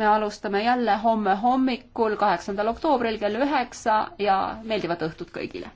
me alustame jälle homme hommikul, kaheksandal oktoobril kell üheksa ja meeldivat õhtut kõigile!